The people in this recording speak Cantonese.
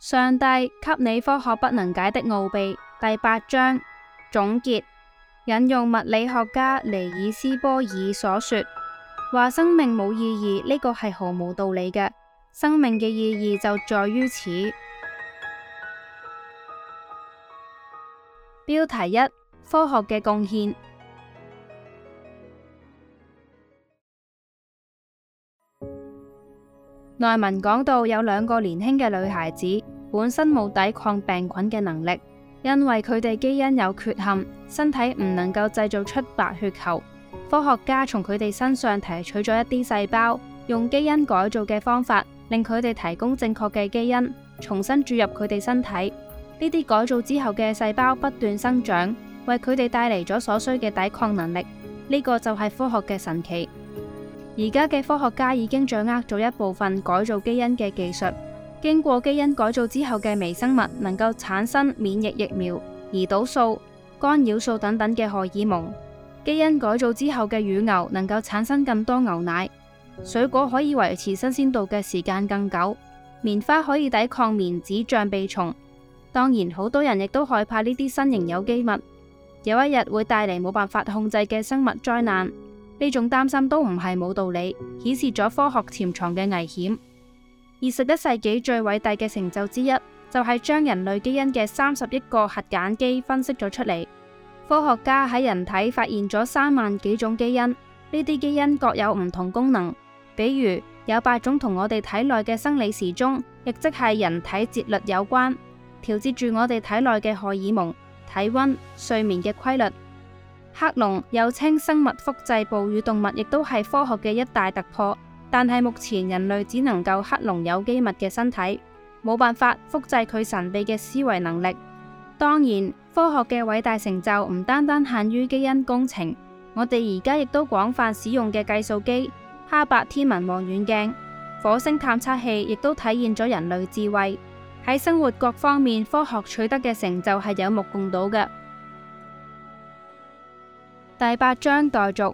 上帝給你科學不能解的奧秘。第八章總結引用物理學家尼爾斯波爾所說：話生命冇意義，呢個係毫無道理嘅，生命嘅意義就在於此。標題一：科學嘅貢獻。內文講到有兩個年輕嘅女孩子，本身冇抵抗病菌嘅能力，因為佢哋基因有缺陷，身體唔能夠製造出白血球。科學家從佢哋身上提取咗一啲細胞，用基因改造嘅方法令佢哋提供正確嘅基因，重新注入佢哋身體。呢啲改造之後嘅細胞不斷生長，為佢哋帶嚟咗所需嘅抵抗能力。呢個就係科學嘅神奇。而家嘅科學家已經掌握咗一部分改造基因嘅技術，經過基因改造之後嘅微生物能夠產生免疫疫苗、胰島素、干擾素等等嘅荷爾蒙；基因改造之後嘅乳牛能夠產生更多牛奶，水果可以維持新鮮度嘅時間更久，棉花可以抵抗棉子象鼻蟲。當然，好多人亦都害怕呢啲新型有機物，有一日會帶嚟冇辦法控制嘅生物災難。呢種擔心都唔係冇道理，顯示咗科學潛藏嘅危險。二十一世紀最偉大嘅成就之一，就係將人類基因嘅三十億個核鹼基分析咗出嚟。科學家喺人體發現咗三萬幾種基因，呢啲基因各有唔同功能。比如有八種同我哋體內嘅生理時鐘，亦即係人體節律有關，調節住我哋體內嘅荷爾蒙、體溫、睡眠嘅規律。克隆又稱生物複製，哺乳動物亦都係科學嘅一大突破。但係目前人類只能夠克隆有機物嘅身體，冇辦法複製佢神秘嘅思維能力。當然，科學嘅偉大成就唔單單限於基因工程，我哋而家亦都廣泛使用嘅計數機、哈伯天文望遠鏡、火星探測器，亦都體現咗人類智慧。喺生活各方面，科學取得嘅成就係有目共睹嘅。第八章，待續。